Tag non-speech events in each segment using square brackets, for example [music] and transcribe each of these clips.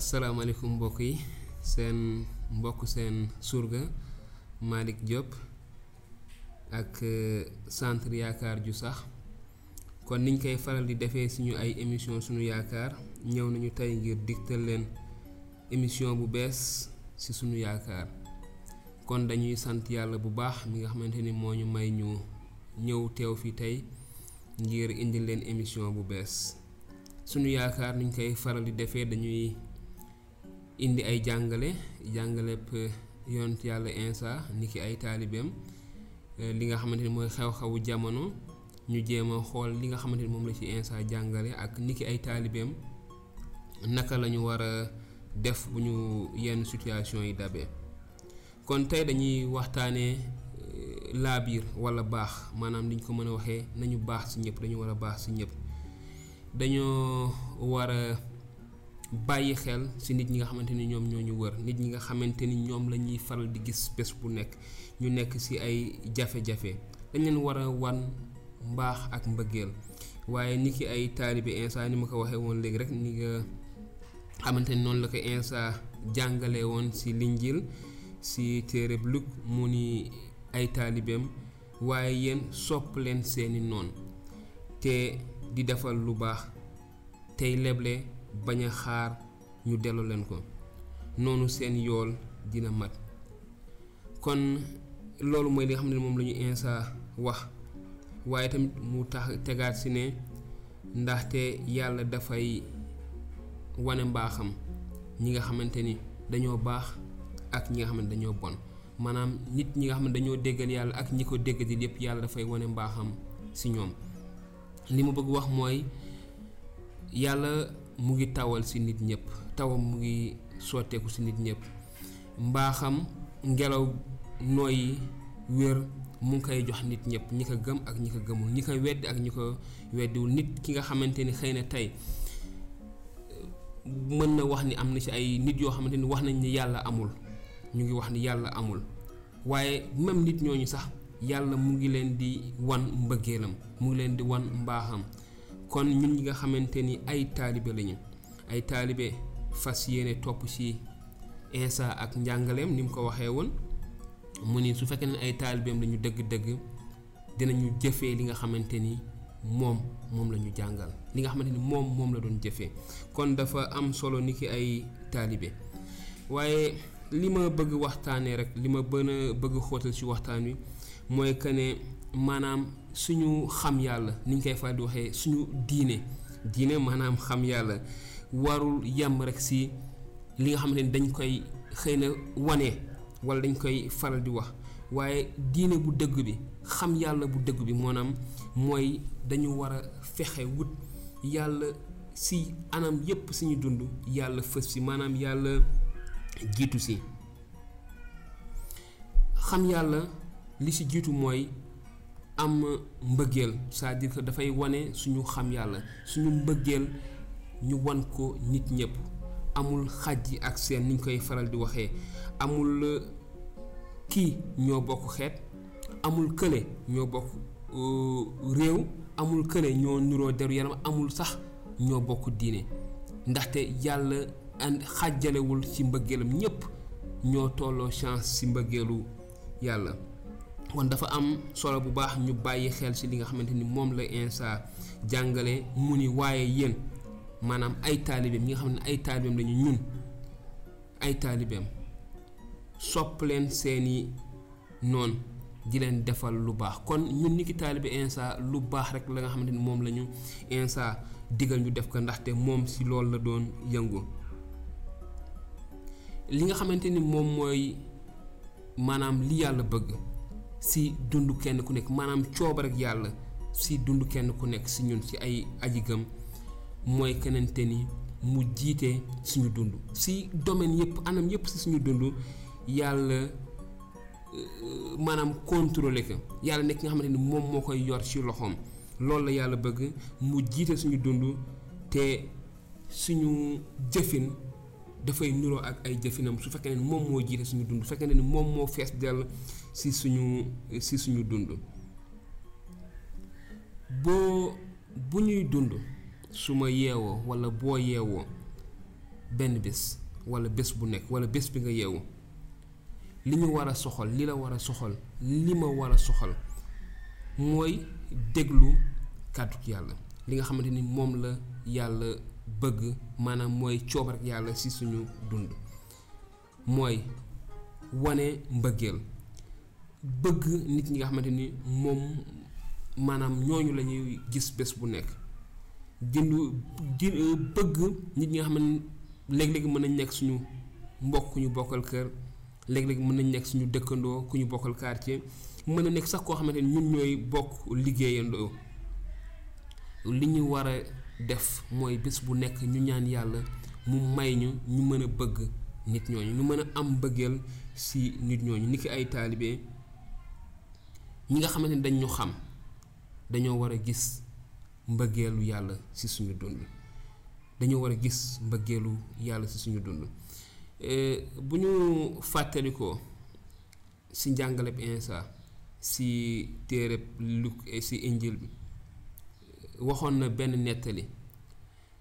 Assalamualaikum mbokk yi seen mbokk seen surga malik diop ak eh, centre yaakaar ju sax kon niñ koy faral di defee suñu ay émission suñu yaakaar ñëw nañu tey ngir digtal leen émission bu bees si suñu yaakaar kon dañuy sant yàlla bu baax mi nga xamante ni moo may ñu ñëw teew fi tey ngir indi leen émission bu bees suñu yaakaar niñ koy faral di defee dañuy indi ay jàngale jàngaleb yonent yàlla insa niki ay taalibeem eh, li nga xamante ni mooy xew-xewu jamono ñu jéem a xool li nga xamante ni moom la ci insa jàngale ak niki ay taalibeem naka la ñu def bu ñu yenn situation yi dabee kon tey dañuy waxtaanee eh, laabir wala baax maanaam niñ ko mën a waxee nañu baax si ñëpp dañu war a baax si ñëpp dañoo bàyyi xel si nit ñi nga xamante ni ñoom ñoo ñu wër nit ñi nga xamante ni ñoom la ñuy faral di gis bés bu nekk ñu nekk si ay jafe-jafe dañ leen war wan mbaax ak mbëggeel waaye ni ki ay taalibe insa ni ma ko waxee woon léegi rek ni nga xamante ni noonu la ko insa woon si linjil si téereb luk mu ni ay taalibeem waaye yéen sopp leen seeni noon te di defal lu baax tey leble baña xaar ñu delu leen ko noonu seen yool dina mat kon loolu mooy li nga xam ne moom la ñu insa wax waaye tamit mu tax tegaat si ne ndaxte yàlla dafay wane mbaaxam ñi nga xamante dañoo baax ak ñi nga xam dañoo bon maanaam nit ñi nga xam dañoo déggal yàlla ak ñi ko di yépp yàlla dafay wane mbaaxam si ñoom li mu bëgg wax mooy yàlla mu ngi tawal si nit ñëpp tawam mu ngi sotteeku ci nit ñëpp mbaaxam ngelaw nooyi wér mu ngi koy jox nit ñëpp ñi ko gëm ak ñi ko gëmul ñi ko wedd ak ñi ko weddiwul nit ki nga xamante ni xëy na tey mën na wax ni am na ci ay nit yoo xamante ni wax nañ ni yàlla amul ñu ngi wax ni yàlla amul waaye même nit ñooñu sax yàlla mu ngi leen di wan mbëggeelam mu ngi leen di wan mbaaxam kon ñun ñi nga xamante ni ay taalibe lañu ay taalibe fas yéene topp ci eesa ak njàngaleem ni mu ko waxee woon mu ni su fekkee ne ay taalibeem lañu dëgg-dëgg dinañu jëfee li nga xamante ni moom moom la ñu jàngal li nga xamante ni moom moom la doon jëfee kon dafa am solo ni ki ay taalibe waaye li ma bëgg waxtaanee rek li ma bën a bëgg xóotal ci waxtaan wi mooy que ne maanaam suñu xam yàlla ni ñu koy fay di waxee suñu diine diine maanaam xam yàlla warul yem rekk si li nga xam ne dañ koy xëy na wane walla dañ koy faral di wax waaye diine bu dëgg bi xam yàlla bu dëgg bi moonaam mooy dañu war a fexe wut yàlla si anam yépp suñu dund yàlla fës si maanaam yàlla jiitu si xam yàlla li si jiitu mooy am mbëggeel c'est-à-dire dafay wane suñu xam yàlla suñu mbëggeel ñu wan ko nit ñëpp amul xaj ak seen ni ñu koy faral di waxee amul euh, kii ñoo bokk xeet amul kële ñoo bokk euh, réew amul kële ñoo nuroo deru yaram amul sax ñoo bokk diine ndaxte yàlla xàjjalewul ci mbëggeelam ñëpp ñoo tolloo chance ci mbëggeelu yàlla kon dafa am solo bu baax ñu bàyyi xel ci li nga xamante ni moom la insa jàngale mu ni waaye yéen maanaam ay taalibeem ñi nga xam ne ay taalibeem lañu ñun ay taalibeem sopp leen seeni noon di leen defal lu baax kon ñun ki taalibe insa lu baax rek la nga xamante ni moom lañu insa digal ñu def ko ndaxte moom si loolu la doon yëngu li nga xamante ni moom mooy maanaam li yàlla bëgg si dundu kenn ku nekk maanaam gyal. yàlla si dundu kenn ku nekk si ñun si ay aji gëm mooy kenente ni mu jiite suñu dund si domaine yépp anam yépp si suñu dund yàlla euh, manam contrôler ko yalla nek nga xamanteni mom mo koy yor ci loxom lool la yalla bëgg mu jité suñu dundu te suñu jëfin dafay nuroo ak ay jëfinam su fekkee ne moom moo jiite suñu dund su fekkee ne moom moo fees dell si suñu si suñu dund boo bu ñuy dund su ma yeewoo walla boo yeewoo benn bés wala bés bu nekk wala bés bi nga yeewu li ñu war a soxal li la war a soxal li ma war a soxal mooy déglu kàddu yàlla li nga xamante ni moom la yàlla bëgg maanaam mooy coobar ak yàlla ci suñu dund mooy wane mbëggeel bëgg nit ñi nga xamante ni moom maanaam ñooñu la ñuy gis bés bu nekk jënd di bëgg nit ñi nga xam ne léeg-léeg mën nañ nekk suñu mbokk ku ñu bokkal kër léeg-léeg mën nañ nekk suñu dëkkandoo ku ñu bokkal quartier mën na nekk sax koo xamante ni ñun ñooy bokk liggéeyandoo li ñu war def mooy bis bu nekk ñu ñaan yàlla mu may ñu ñu mën a bëgg nit ñooñu ñu mën a am bëggeel si nit ñooñu niki ay taalibe ñi nga xamante ne dañ ñu xam dañoo war a gis mbëggeelu yàlla si suñu dund dañoo war a gis mbëggeelu yàlla si suñu dund eh, bu ñu fàttalikoo si njàngaleb insa si téereb luk eh, si injil bi waxoon na benn nettali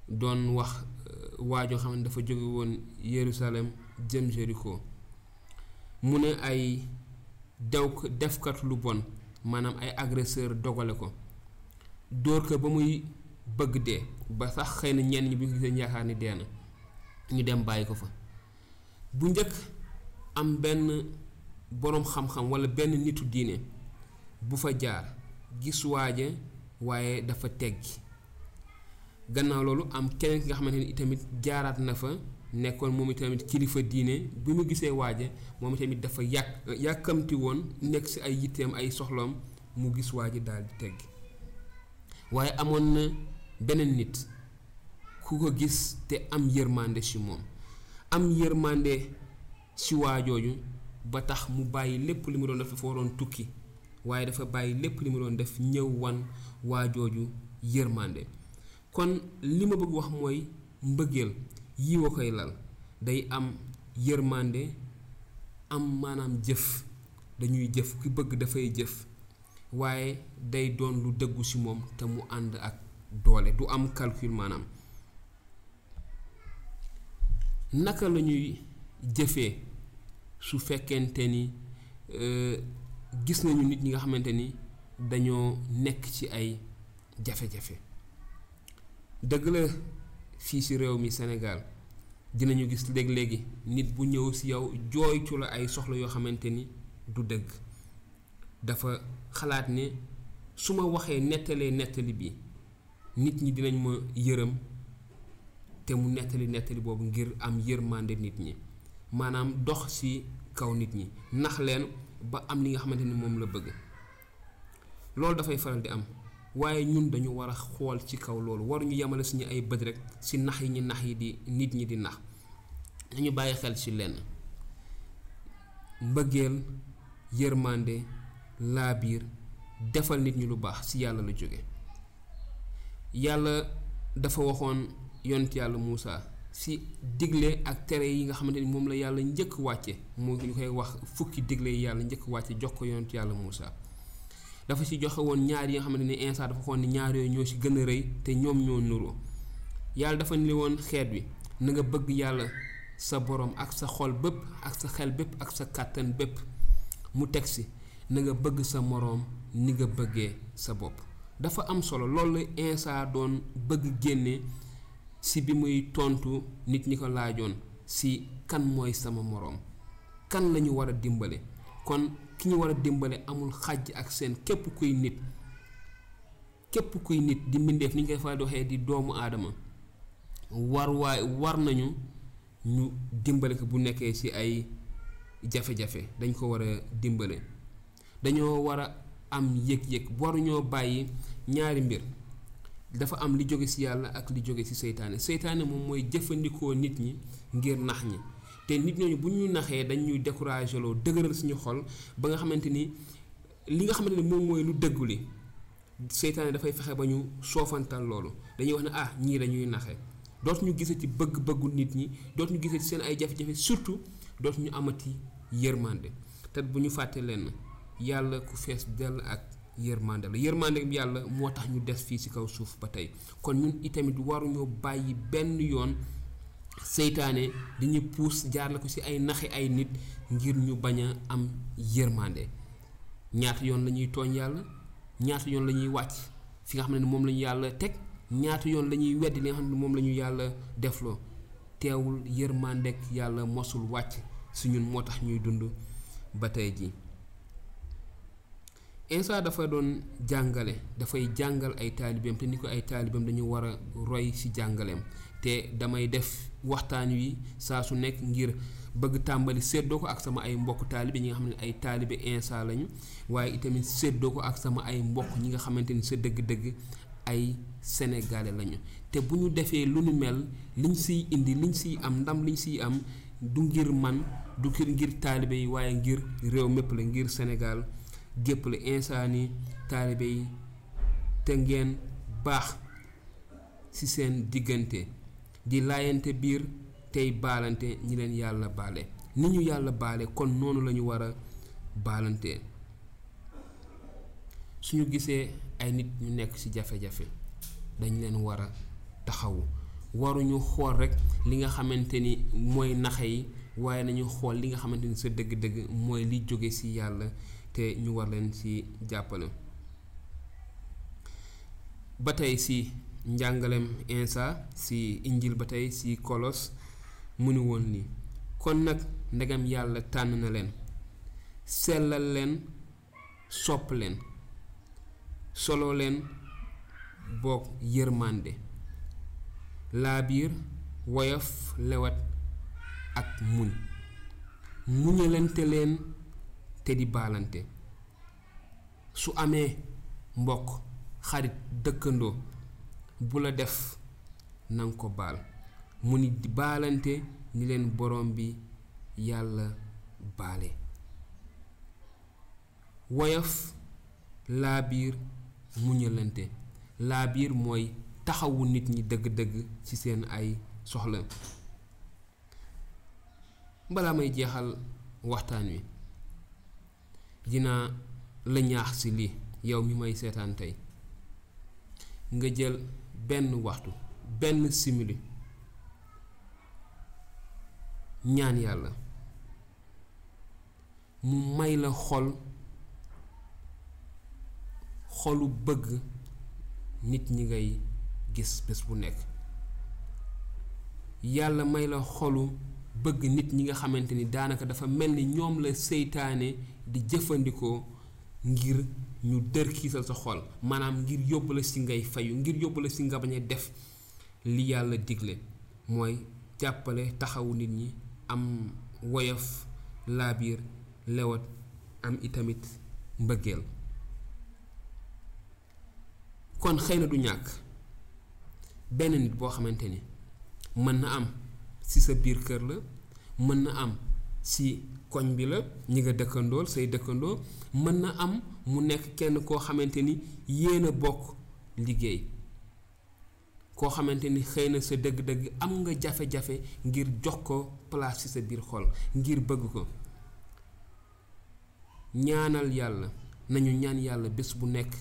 doon wax euh, waajoo xam ne dafa jóge woon Yerusalem jëm Jéricho mu ne ay dew defkat lu bon maanaam ay agresseur dogale ko dóor ko ba muy bëgg dee ba sax xëy na ñenn ñi bu ñu gisee yaakaar ni dee na ñu dem bàyyi ko fa bu njëkk am benn boroom xam-xam walla benn nitu diine bu fa jaar gis waaje waaye dafa teggi gannaaw loolu am keneen ki nga xamante ni itamit jaaraat na fa nekkoon moom itamit kilifa diine bi mu gisee waaje moom itamit dafa yàkkamti woon nekk si ay yitteem ay soxloom mu gis waaje daal di teggi waaye amoon na beneen nit ku ko gis te am yërmande si moom am yërmande si jooju ba tax mu bàyyi lépp li mu doon def dafa waroon tukki waaye dafa bàyyi lépp li mu doon def ñëw wan waa jooju yërmande kon li ma bëgg wax mooy mbëggeel yiw wa koy lal day am yërmande am maanaam jëf dañuy jëf ki bëgg dafay jëf waaye day doon lu dëggu ci moom te mu ànd ak doole du am calcul maanaam naka lañuy ñuy jëfee su fekkente ni euh, gis nañu nit ñi nga xamante ni dañoo nekk ci ay jafe-jafe dëgg la fii si réew mi senegal dinañu gis léeg-léegi nit bu ñëw si yow jooytu la ay soxla yoo xamante ni du dëgg dafa xalaat ne su ma waxee nettalee nettali bi nit ñi dinañ ma yërëm te mu nettali nettali boobu ngir am yërmande nit ñi maanaam dox ci kaw nit ñi nax leen ba am li nga xamante ni moom la bëgg loolu dafay faral di am waaye ñun dañu war a xool ci kaw loolu waruñu yemale suñu ay bët rekk si nax yi ñu nax yi di nit ñi di nax nañu bàyyi xel ci lenn mbëggeel yërmande laabiir defal nit ñi lu baax ci yàlla la jóge yàlla dafa waxoon yont yàlla Muusa si digle ak tere yi nga xamante ni moom la yàlla njëkk wàcce mu ñu koy wax fukki digle yi yàlla njëkk wàcce jox ko yonent yàlla Moussa dafa si joxe woon ñaar yi nga xamante ni Insa dafa xoon ni ñaar yooyu ñoo si gën a rëy te ñoom ñoo nuroo yàlla dafa ni woon xeet wi na nga bëgg yàlla sa boroom ak sa xol bépp ak sa xel bépp ak sa kàttan bépp mu teg si na nga bëgg sa moroom ni nga bëggee sa bopp dafa am solo loolu Insa doon bëgg génne si bi muy tontu nit ñi ko laajoon si kan mooy sama moroom kan lañu ñu war a dimbale kon ki ñu war a dimbale amul xàjj ak seen képp kuy nit képp kuy nit di mbindeef ni ñu koy faral di waxee di doomu aadama war waay war nañu ñu dimbale ko bu nekkee ci ay jafe-jafe dañ ko war a dimbale dañoo war a am yëg-yëg waruñoo bàyyi ñaari mbir dafa am li jóge si ak li jóge si setan. Setan moom mooy jëfandikoo nit ñi ngir nax ñi te nit ñooñu bu ñu naxee dañ ñuy découragé loo dëgëral suñu xol ba nga xamante ni li nga xamante ni moom mooy lu dëggu li seytaane dafay fexe ba ñu soofantal loolu dañuy wax ne ah ñii dañuy naxe dootu ñu gisati bëgg-bëggu nit ñi dootu ñu gisati seen ay jafe-jafe surtout dootu ñu amati yërmande te bu ñu fàtte lenn ku fees del ak yërmande la yërmande yàlla moo tax ñu des fii si kaw suuf ba tey kon ñun itamit waruñoo bàyyi benn yoon seytaane dañuy puus jaar la ko si ay naxi ay nit ngir ñu bañ am yërmande ñaata yoon la ñuy tooñ yàlla ñaata yoon la ñuy wàcc fi nga xam ne moom la ñu yàlla teg ñaata yoon la ñuy li nga xam ne moom la ñu teewul yërmandek yàlla mosul wàcc su ñun moo tax ñuy dund ba tey insa dafa doon jàngale dafay jàngal ay taalibeem te ni ko ay taalibeem dañu war a roy si jàngaleem te damay def waxtaan wi saa su nekk ngir bëgg tàmbali séddoo ko ak sama ay mbokk taalibe ñi nga xam ne ay taalibe insa lañu waaye itamit séddoo ko ak sama ay mbokk ñi nga xamante ni sa dëgg-dëgg ay sénégalais lañu te bu ñu defee lu nu mel liñ siy indi liñ siy am ndam liñ siy am du ngir man du ngir taalibe yi waaye ngir réew mépp la ngir sénégal gépp insaan yi taalibe yi te ngeen baax ci seen diggante di layante biir tey baalante ñi leen yàlla baale ni ñu yàlla baale kon noonu lañu war a baalante suñu gisee ay nit ñu nekk ci jafe-jafe dañ leen wara a taxawu waruñu xool rekk li nga xamante ni mooy naxe yi waaye nañu xool li nga xamante ni sa dëgg-dëgg mooy li jóge ci yàlla te ñu war leen si jàppale ba tey si njàngaleem insa si injil ba tey si kolos mënu woon ni kon nag ndegam yàlla tànn na leen sellal leen sopp leen soloo leen boog yërmande laabiir woyof lewat ak muñ muñalante leen te di baalante su amee mbokk xarit dëkkandoo bu la def nanga ko baal mu ni di baalante ni leen borom bi yàlla baale woyof laa biir ñëlante laa biir mooy taxawu nit ñi dëgg-dëgg ci seen ay soxla balaa may jeexal waxtaan wi dinaa la ñaax si lii yow mi may seetaan tey nga jël benn waxtu benn simili ñaan yàlla mu may la xol xolu bëgg nit ñi ngay gis bés bu nekk yàlla may la xolu bëgg nit ñi nga xamante ni daanaka dafa mel ni ñoom la seytaane di jëfandikoo ngir ñu dër kiisal sa xol maanaam ngir yóbbu la si ngay fayu ngir yóbbu la si nga bañ def li yàlla digle mooy jàppale taxawu nit ñi am woyof laabiir lewat am itamit mbëggeel kon xëy na du ñàkk benn nit boo xamante ni mën na am ci sa biir kër la mën na am si koñ bi la ñi nga dëkkandool say dëkkandoo mën na am mu nekk kenn koo xamante ni yéen a bokk liggéey koo xamante ni xëy na sa dëgg-dëgg am nga jafe-jafe ngir jox ko place ci sa biir xol ngir bëgg ko ñaanal yàlla nañu ñaan yàlla bés bu nekk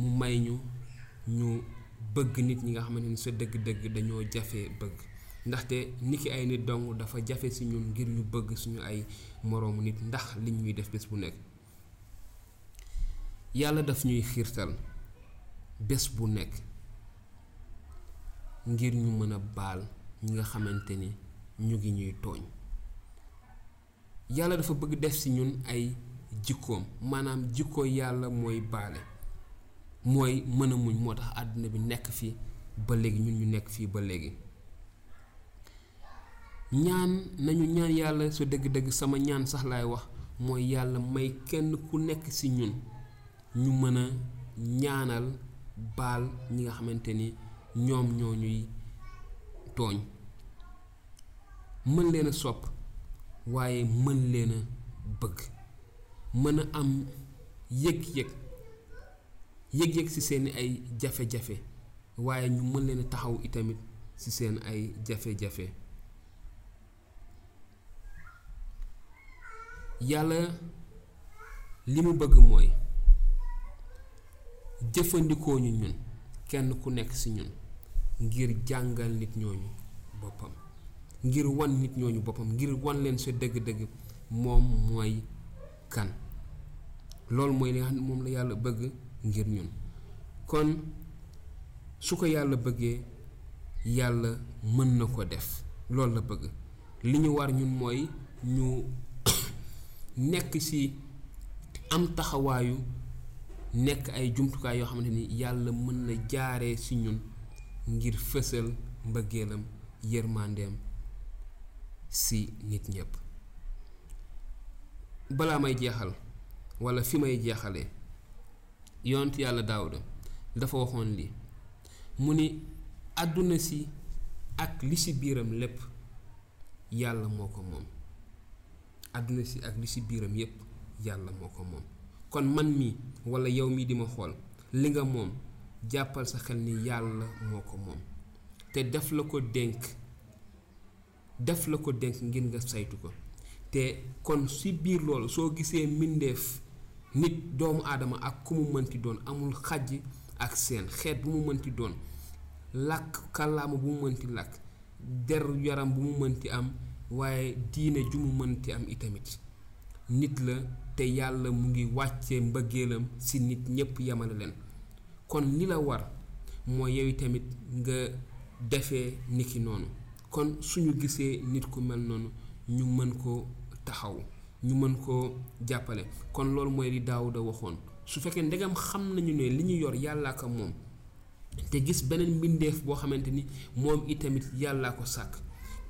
mu may ñu ñu bëgg nit ñi nga xamante ni sa dëgg-dëgg dañoo jafe bëgg ndaxte nit ki ay nit dong dafa jafe si ñun ngir ñu bëgg suñu ay moroomu nit ndax li ñuy def bés bu nekk yàlla daf ñuy xiirtal bés bu nekk ngir ñu mën a baal ñu nga xamante ni ñu ngi ñuy tooñ yàlla dafa bëgg def si ñun ay jikkoom maanaam jikko yàlla mooy baale mooy mën a muñ moo tax àddina bi nekk fii ba léegi ñun ñu nekk fii ba léegi ñaan nañu ñaan yàlla su dëgg-dëgg sama ñaan sax laay wax mooy yàlla may kenn ku nekk si ñun ñu mën a ñaanal baal ñi nga xamante ni ñoom ñoo ñuy tooñ mën leen a sopp waaye mën leen a bëgg mën a am yëg-yëg yëg-yëg si seen ay jafe-jafe waaye ñu mën leen a taxaw itamit si seen ay jafe-jafe yàlla li mu bëgg mooy jëfandikoo ñu ñun kenn ku nekk ci ñun ngir jàngal nit ñooñu boppam ngir wan nit ñooñu boppam ngir wan leen sa dëgg-dëgg moom mooy kan loolu mooy li xam moom la yàlla bëgg ngir ñun kon su ko yàlla bëggee yàlla mën na ko def loolu la bëgg li ñu war ñun mooy ñu nekk ci am taxawaayu nekk ay jumtukaay yoo xamante ni yàlla mën na jaare ci ñun ngir fësal mbëggeelam yërmandeem si nit ñépp balaa may jeexal wala fi may jeexale yonent yàlla daawuda dafa waxoon lii mu ni àdduna si ak li si biiram lépp yàlla moo ko moom aduna si ak li si biiram yépp yàlla moo ko kon man mi wala yow mi di ma xool li nga moom jàppal sa xel ni yàlla moo ko moom te daf la ko denk daf la ko denk ngir nga saytu ko te kon si biir loolu soo gisee mindeef nit doomu aadama ak ku mu mënti doon amul kaji ak seen xeet bu mu mënti doon làkk kàllaama bu mu mënti der yaram bu mu mënti am waaye diine ju mu mënti am itamit nit la te yàlla mu ngi wàccee mbëggeelam si nit ñépp yemale leen kon li la war mooy yow tamit nga defee ki noonu kon suñu gisee nit ku mel noonu ñu mën koo taxaw ñu mën koo jàppale kon loolu mooy li Daawuda waxoon su fekkee ndegam xam nañu ne li ñu yor yàllaa ko moom te gis beneen mbindeef boo xamante ni moom itamit yàllaa ko sàkk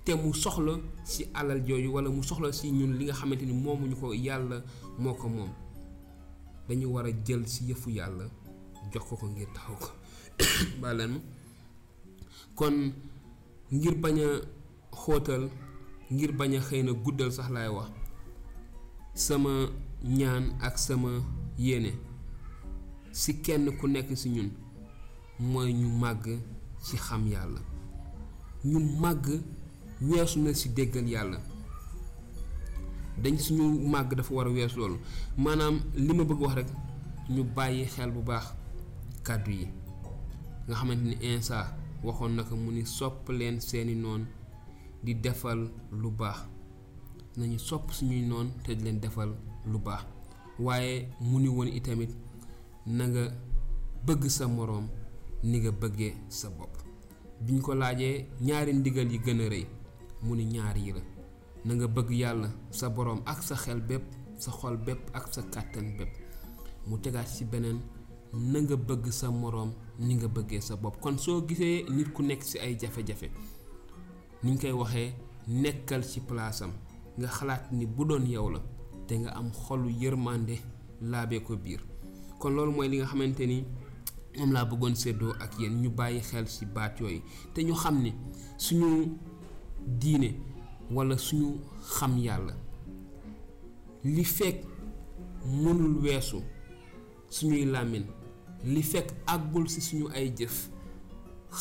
te mu soxla ci alal joju wala mu soxla ci ñun li nga xamanteni momu ñuko ko moko mom dañu wara jël ci yefu yalla jox ko ko ngir taxaw ko [coughs] kon ngir hotel xotal kaino ngir baña xeyna guddal sax lay wax sama ñaan ak sama yene si kenn ku nekk ci ñun mooy ñu màgg ci xam yàlla ñu màgg wessu na si deggal yalla dañ suñu mag dafa wara a lool manam lima bëgg wax rek ñu bayyi xel bu baax kaddu yi nga xamanteni insa waxon naka mu ni sopp leen seeni non di defal lu baax nañu sopp suñuy non te di leen defal lu baax waaye mu ni woon itamit na nga bëgg sa morom ni nga bëggee sa bopp biñ ko laajee ñaari ndigal yi gën a mu ni ñaar yi la na nga bëgg yàlla sa borom ak sa xel bépp sa xol bépp ak sa kàttan bépp mu tegaat ci beneen na nga bëgg sa morom ni nga bëggee sa bopp kon soo gisee nit ku nekk ay jafe-jafe niñ koy waxee nekkal ci palaasam nga xalaat ni bu doon yow la te nga am xolu yërmande laabee ko biir kon loolu mooy li nga xamante ni moom laa bëggoon séddoo ak yéen ñu bàyyi xel ci baat yooyu te ñu xam ni suñu diine wala suñu xam yàlla li fekk mënul weesu suñuy làmmiñ li fekk àggul ci suñu ay jëf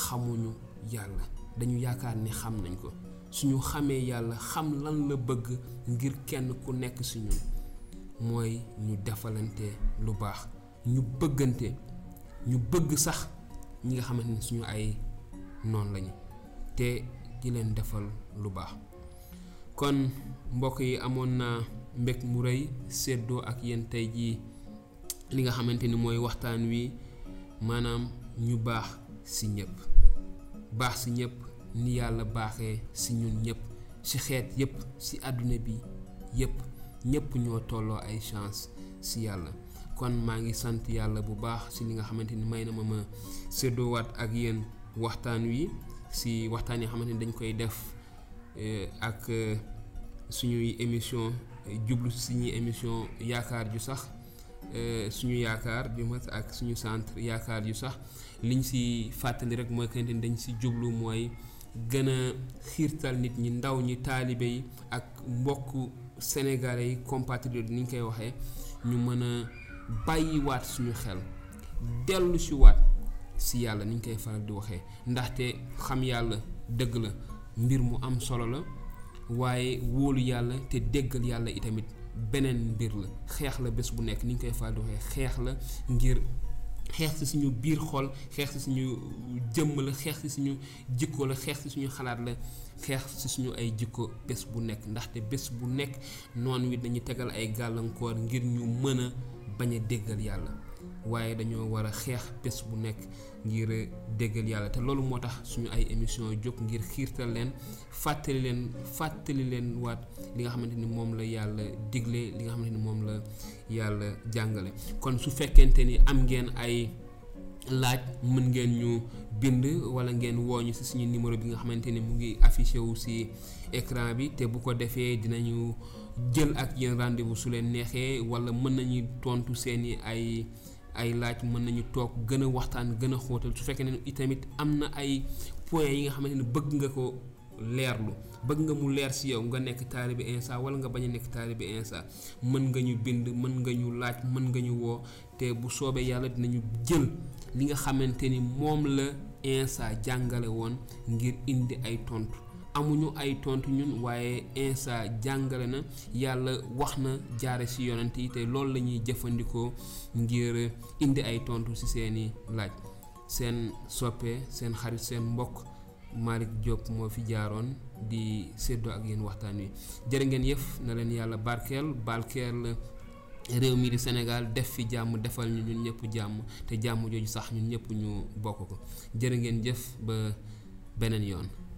xamuñu yàlla dañu yaakaar ni xam nañ ko suñu xamee yàlla xam lan la bëgg ngir kenn ku nekk ci ñun mooy ñu defalante lu baax ñu bëggante ñu bëgg sax ñi nga xamante ni suñu ay noonu lañu te di leen defal lu baax kon mbokk yi amoon naa mbég mu rëy séddoo ak yéen tey jii li nga xamante ni mooy waxtaan wi maanaam ñu baax si ñëpp baax si ñëpp ni yàlla baaxee si ñun ñëpp si xeet yëpp si àdduna bi yëpp ñëpp ñoo tolloo ay chance si yàlla kon maa ngi sant yàlla bu baax ci li nga xamante ni may na ma ma séddoowaat ak yéen waxtaan wi si waxtaan yi xamante ni dañ koy def eh, ak eh, suñuy émission eh, jublu si suñuy émission yaakaar ju sax suñu yaakaar bi mat ak suñu centre yaakaar ju sax liñ si fàttali rek mooy kante ni dañ si jublu mooy gën a xiirtal nit ñi ndaw ñi taalibe yi ak mbokk sénégalais yi compatriotes ni ñu koy waxee ñu mën a bàyyiwaat suñu xel dellu si waat si yàlla ni ñu koy faral di waxee ndaxte xam yàlla dëgg la mbir mu am solo la waaye wóolu yàlla te déggal yàlla itamit beneen mbir la xeex la bés bu nekk ni ñu koy faral di waxee xeex la ngir xeex si suñu biir xol xeex si suñu jëmm la xeex si suñu jikko la xeex si suñu xalaat la xeex si suñu ay jikko bés bu nekk ndaxte bés bu nekk noon wi dañu tegal ay gàllankoor ngir ñu mën a bañ a déggal yàlla waaye dañoo war a xeex bés bu nekk ngir déggal yàlla te loolu moo tax suñu ay émission jóg ngir xiirtal leen fàttali leen fàttali leen waat li nga xamante ni la yàlla digle li nga xamante ni moom la yàlla jàngale kon su fekkente ni am ngeen ay laaj mën ngeen ñu bind wala ngeen wooñu si suñu numéro bi nga xamante ni mu ngi affiché wu si écran bi te bu ko defee dinañu jël ak yéen rendez-vous su leen neexee wala mën nañu tontu seeni ay ay laaj mën nañu toog gën a waxtaan gën a xóotal su fekkee ne itamit am na ay points yi nga xamante ne bëgg nga ko leerlu bëgg nga mu leer si yow nga nekk taalibe insa wala nga bañ a nekk taalibe insa mën nga ñu bind mën nga ñu laaj mën nga ñu woo te bu soobee yàlla dinañu jël li nga xamante ni moom la insa jàngale woon ngir indi ay tontu. amuñu ay tontu ñun waaye insa jàngale na yàlla wax na jaare si yonent yi te loolu la ñuy jëfandikoo ngir indi ay tontu si seeni laaj seen soppe seen xarit seen mbokk malik diop moo fi jaaroon di séddoo ak yéen waxtaan wi jërë ngeen yëf na leen yàlla barkeel barkeel réew mi di sénégal def fi jàmm defal ñu ñun ñëpp jàmm te jàmm jooju sax ñun ñëpp ñu bokk ko jërë ngeen jëf ba beneen yoon